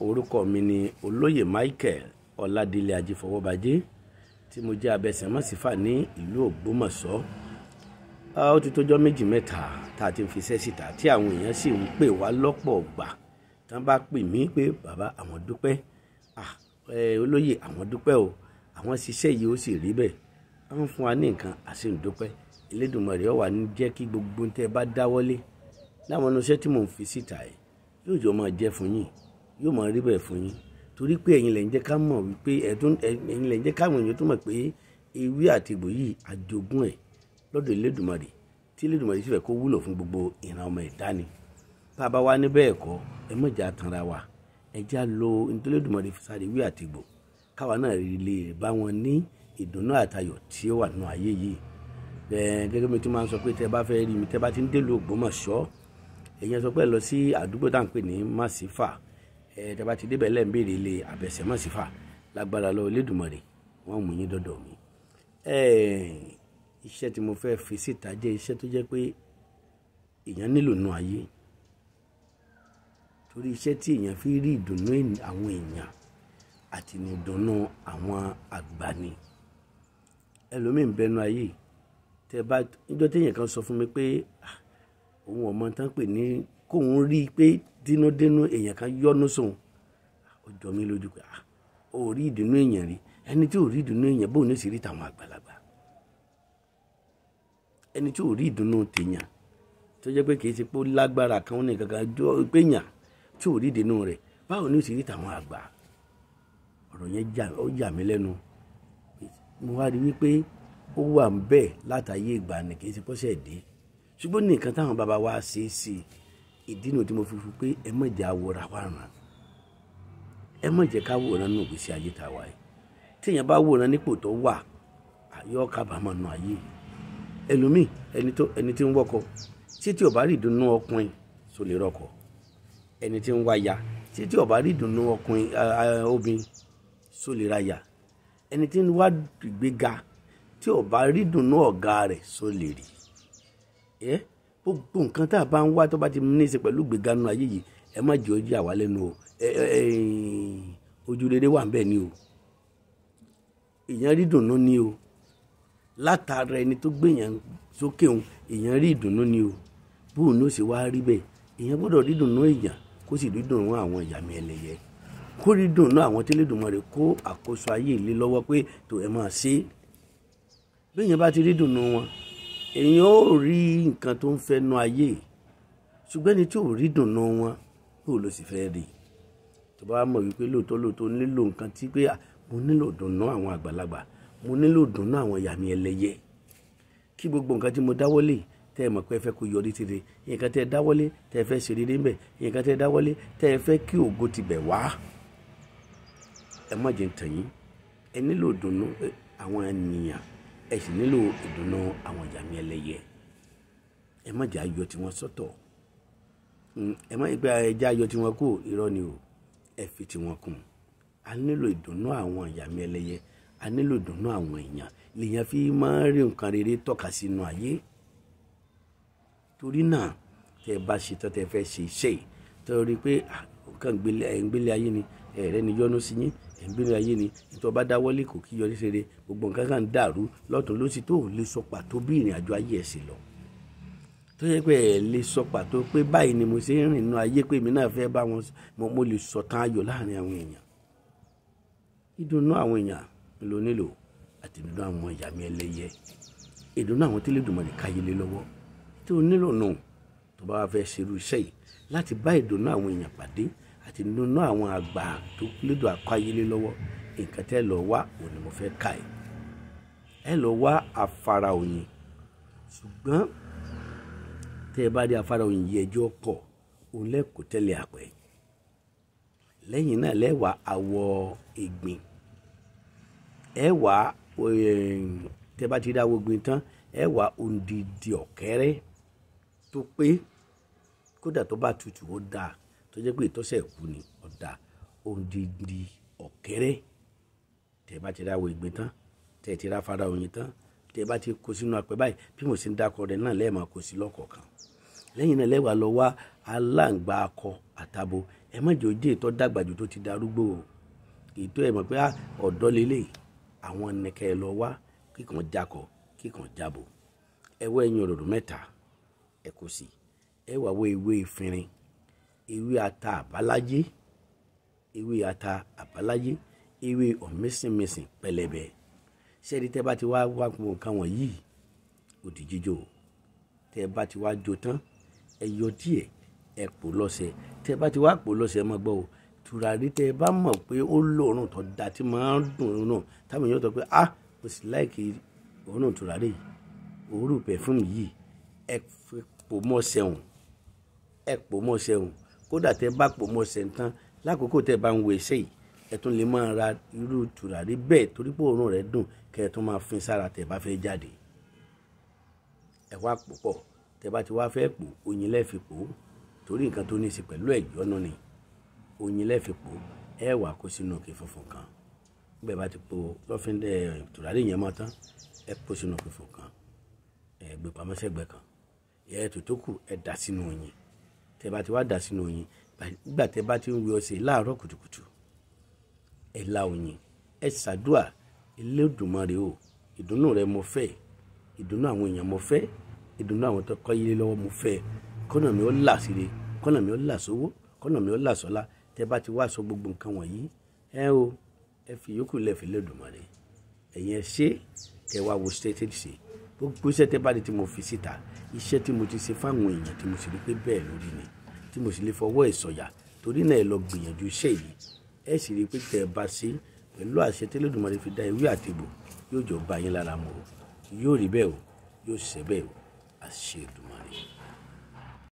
orúkọ mi ni olóyè Michael Ọládélé Ajífọwọ́bajé tí mo jẹ́ abẹsẹ̀mọ́sífà ní ìlú Ògbómọ̀ṣọ́ ó ti tójọ́ méjì mẹ́ta tá a ti fi iṣẹ́ síta tí àwọn èèyàn sì ń pè wá lọ́pọ̀ ọ̀gbà tán bá pè mí pé bàbá àwọn dúpẹ́ olóyè àwọn dúpẹ́ o àwọn ṣiṣẹ́ yìí ó sì rí bẹ́ẹ̀ wọ́n fún wa ní nǹkan àṣì ń dúpẹ́ Elédùmarè ó kí gbogbo tẹ́ bá dáwọ́lé láwọn ọ̀nà iṣẹ́ tí mò ń fi síta yìí yóò jọ máa jẹ́ fún yín yóò máa rí bẹ́ẹ̀ fún yín torí pé ẹ̀yin lẹ̀ ń jẹ́ ká mọ̀ wípé ẹ̀yin lẹ̀ ń jẹ́ káwọn èèyàn tó mọ̀ pé ewé àti egbò yìí àjogún ẹ̀ lọ́dọ̀ Elédùmarè tí Elédùmarè sì fẹ́ kó wúlò fún gbogbo ìran ọmọ ẹ̀dá ni tá a bá wá níbẹ̀ ẹ̀kọ́ ẹ má tanra wa ẹ já lo ntọ́lẹ́dùmarè fi sáré ewé àti egbò káwa náà lè bá wọn ní ìdùnnú àtayọ̀ tí ó wà nù ayé yìí gẹ́gẹ́ bí tí máa ń sọ pé tẹ́ bá fẹ́ rí mi tẹ́ bá ti ń délùú Ògbómọ̀ṣọ́ ẹ̀yin sọ pé lọ sí àdúgbò tá à ń pè ní Màsífà ẹ̀ẹ́dẹ́gbà ti débẹ̀ lẹ́ẹ̀ ń béèrè ilé àbẹ̀sẹ̀mọ́sífà lágbára lọ Elédùmarè wọ́n mú yín dọ́dọ̀ mi. iṣẹ́ tí mo fẹ́ fi síta jẹ́ iṣẹ́ tó jẹ́ pé èèyàn nílò nù ayé torí iṣẹ́ tí èèyàn fi rí ìdùnnú àwọn èèyàn àti ìdùnnú àwọn àgbà ni ẹlòmíín bẹnu ayé tẹ bá níjọ́ téèyàn kan sọ fún mi pé ah, òun ọmọ tán pè ní kóun rí i pé dínúdínú èèyàn kan yọnu sóun ọjọ́ mi lójú pé ah ò rí ìdùnnú èèyàn rí ẹni tí ò rí ìdùnnú èèyàn bóun ní sì rí tàwọn àgbàlagbà ẹni tí ò rí ìdùnnú tèèyàn tó jẹ́ pé kìí ṣe pé ó lágbára kan ó ní kankan jọ pé èèyàn tí ò rí ìdùnnú rẹ̀ báwo ni ó tàwọn àgbà ọ̀rọ̀ yẹn ó yà mí lẹ́nu mo wá rí wípé ó wà ń bẹ látàyè ìgbà ni kìí ṣe pọ́ṣẹ̀ dé ṣùgbọ́n nìkan táwọn bàbá wa ṣe é sí i ìdí nu tí mo fi fi pé ẹ má jẹ́ awọra wa ràn ẹ má jẹ́ ká wòran nù gbèsè ayé tá a wà yìí téèyàn bá wòran nípò tó wà yóò kábàámọ̀ nù ayé ẹlòmíì ẹni tó ẹni tí ń wọkọ títí ó bá rí ìdùnnú ọkùnrin tó lè rọkọ ẹni tí ń wáya títí ó bá rí ìdùnnú ọkùnrin obìnrin tó lè ráya ẹni tí ń wá ìgbéga tí ó bá rí ìdùnnú ọ̀gá rẹ̀ tó lè rí gbogbo nǹkan tá a bá ń wá tó bá ti ní í ṣe pẹ̀lú gbẹ̀gánu ayé yìí ẹ má jẹ́ ojú àwa lẹ́nu o ojú rere wà ń bẹ̀ ni o èèyàn rí dùnnú ni o látara ẹni tó gbèyàn sókè òun èèyàn rí ìdùnnú ni o bóun ló ṣe wáá rí bẹ́ẹ̀ èèyàn gbọ́dọ̀ rí dùnnú èèyàn kó sì rí dùnnú àwọn ìyàmì ẹlẹ́yẹ kó rí dùnnú àwọn tẹ́lẹ̀dùnmọ́ rẹ̀ kó àkóso ayé ilé lọ́wọ́ pé tó ẹ máa ṣe é béèyàn bá ti rí dùnnú wọn èèyàn ò rí nǹkan tó ń fẹnu ayé ṣùgbọ́n ẹni tí ò rí dùnnú wọn bó ló sì fẹ́ rí tó bá mọ̀ wípé lóòótọ́ lóòótọ́ nílò nǹkan tí pé mo nílò dùnnú àwọn àgbàlagbà mo nílò dùnnú àwọn ìyá mi ẹlẹ́yẹ kí gbogbo nǹkan tí mo dáwọ́lé tẹ́ ẹ mọ̀ pé ẹ fẹ́ kó yọrí ti re nǹkan tẹ́ ẹ dáwọ́lé tẹ́ ẹ fẹ́ ṣe rere ńbẹ̀ nǹkan tẹ́ ẹ dáwọ́lé tẹ́ ẹ fẹ́ kí ògo ti bẹ̀ wá ẹ má jẹ́ ń tàn ẹ nílò dùnnú àwọn ènìyàn ẹ sì nílò ìdùnnú àwọn ìjàmí ẹlẹ́yẹ ẹ má jẹ́ ayọ̀ tí wọ́n sọ́tọ̀ hmm, ẹ má gbé ẹja ayọ̀ tí wọ́n kù irọ́ ni o ẹ fi tí wọ́n kùn a nílò ìdùnnú àwọn ìjàmí ẹlẹ́yẹ a nílò ìdùnnú àwọn èèyàn lèèyàn fi máa ń rí nǹkan rere tọ́ka sínú ayé torí náà tẹ bá ṣe tán tẹ fẹ́ ṣe iṣẹ́ yìí tọ́ rí pé nǹkan gbélé ayé ni ẹ̀rẹ́ ni yọ́nú sí yín ẹ̀ ń ayé ni ìtọ́ bá dáwọ́lé kò kí yọrí ṣeré gbogbo nǹkan kan ń dàrú lọ́tún ló sì tó ò lè sọ pàtó bí ìrìn àjò ayé ẹ̀ sì lọ tó yẹ pé ẹ lè sọ pàtó pé báyìí ni mo ṣe ń rìn nínú ayé pé èmi náà fẹ́ bá wọn mo lè sọ tán ayọ̀ láàrin àwọn èèyàn ìdùnnú àwọn èèyàn ló nílò àti ìdùnnú àwọn ìyá mi ẹlẹ́yẹ ìdùnnú àwọn tílé dùnmọ̀ láti bá ìdùnnú àwọn èèyàn pàdé àti nínú àwọn àgbà tó lédò àkọ́yélé lọ́wọ́ nǹkan tẹ́ lọ wá òun ni mo fẹ́ kà ẹ́ ẹ lọ wá afárá oyin ṣùgbọ́n tẹ́ ẹ bá rí afárá oyin yìí ẹjọ́ kọ̀ òun lẹ́kọ̀ọ́ tẹ́lẹ̀ àpẹ́ lẹ́yìn náà lẹ́wà àwọ̀ ìgbín ẹ wà bá ti rí àwọ̀ ìgbín tán ẹ òǹdìdì ọ̀kẹ́rẹ́ tó pé kódà tó bá tutù ó dáa tó jẹ́ pé ìtọ́sẹ̀ kú ni ọ̀dà oúnjẹ di ọ̀kẹ́rẹ́ tẹ̀ bá ti ra wo ìgbín tán tẹ̀ ti ra fara oyin tán tẹ̀ bá ti kó sínú apẹ̀ báyìí bí mo sì ń dákọ rẹ̀ náà lẹ́ẹ̀ máa kó sí lọ́kọ̀ọ̀kan lẹ́yìn náà lẹ́wàá lọ wá aláǹgbá akọ àtabo ẹ má jẹ́ ojú ètò dàgbàjù tó ti darúgbó o ètò ẹ̀ mọ̀ pé ah, ọ̀dọ́ lélẹ̀ àwọn nìkẹ́ lọ wá kíkan jakọ kíkan jabo ẹ wọ ẹyin òròrò mẹ́ta ẹ kò sí ẹ wà wọ ewé ìfinrin ewé ata àbáláyé ewé ata àbáláyé ewé ọ̀mísìnmísìn pẹlẹbẹ sẹ́ni tẹ́ bá ti wá wá gbogbo nǹkan wọ̀nyí òdì jíjò tẹ́ bá ti wá jó tán ẹ yọ díẹ̀ ẹ pò lọ́sẹ̀ tẹ́ bá ti wá pò lọ́sẹ̀ ẹ má gbọ́ o tùràrí tẹ́ bá mọ̀ pé ó lòórùn tó da tí máa ń dùn ún náà táwọn èèyàn tó pé ah mo sì láìkì òórùn tùràrí yìí òórùn pẹ̀fúmù yìí ẹ pò mọ́ sẹ́wọ̀n ẹ pò mọ́ sẹ́wọ̀n kódà tẹ bá pò mọ́ sẹ̀ńtán lákòókò tẹ bá ń wo ẹsẹ̀ yìí ẹ tún lè máa ra irú tùràrí bẹ́ẹ̀ torí pé òórùn rẹ̀ dùn kẹ́ ẹ tún máa fin sára tẹ bá fẹ́ jáde ẹ wá pò pọ̀ tẹ bá ti wá fẹ́ pò oyin lẹ fi pò torí nǹkan tó ní í ṣe pẹ̀lú ẹ̀jọ́ náà ni oyin lẹ fi pò ẹ wà kó sínú òkè funfun kan bẹ́ẹ̀ bá ti po lọ́fíńdẹ́ tùràrí yẹn mọ́ tán ẹ po sínú òkè funfun kan ẹ gbé pamọ́ sẹ́gbẹ̀ẹ́ kan ẹ tó tó kù ẹ dà sínú oyin tẹ bá ti wá dà sínú oyin nígbà tẹ bá ti ń wẹ ọṣẹ láàárọ̀ kùtùkùtù ẹ la oyin ẹ ṣàdúà Elédùmarè o ìdùnnú rẹ mo fẹ́ ìdùnnú àwọn èèyàn mo fẹ́ ìdùnnú àwọn tó kọ́ yílé lọ́wọ́ mo fẹ́ kọ́nà mi ó là síre kọ́nà mi ó là sówó kọ́nà mi ó là sọ́lá tẹ bá ti wá sọ gbogbo nǹkan wọ̀nyí ẹ o ẹ fi yòókù lẹ̀ fi Elédùmarè ẹ̀yin ẹ ṣe kẹ wá wo stated ṣe gbogbo iṣẹ́ tẹ́ bá di tí mo fi síta iṣẹ́ tí mo ti ṣe fáwọn èèyàn tí mo sì rí pé bẹ́ẹ̀ lórí ni tí mo sì lè fọwọ́ ẹ̀ sọ̀yà torí náà ẹ lọ gbìyànjú iṣẹ́ yìí ẹ sì rí i pé tẹ́ ẹ bá ṣe pẹ̀lú àṣẹ tẹ́lẹ̀dùnmọ́lẹ́ fi dá ewé àtẹ̀bò yóò jọ bá yín lára mu yóò rí bẹ́ẹ̀ o yóò ṣe bẹ́ẹ̀ o àṣẹ Èdùmàrè.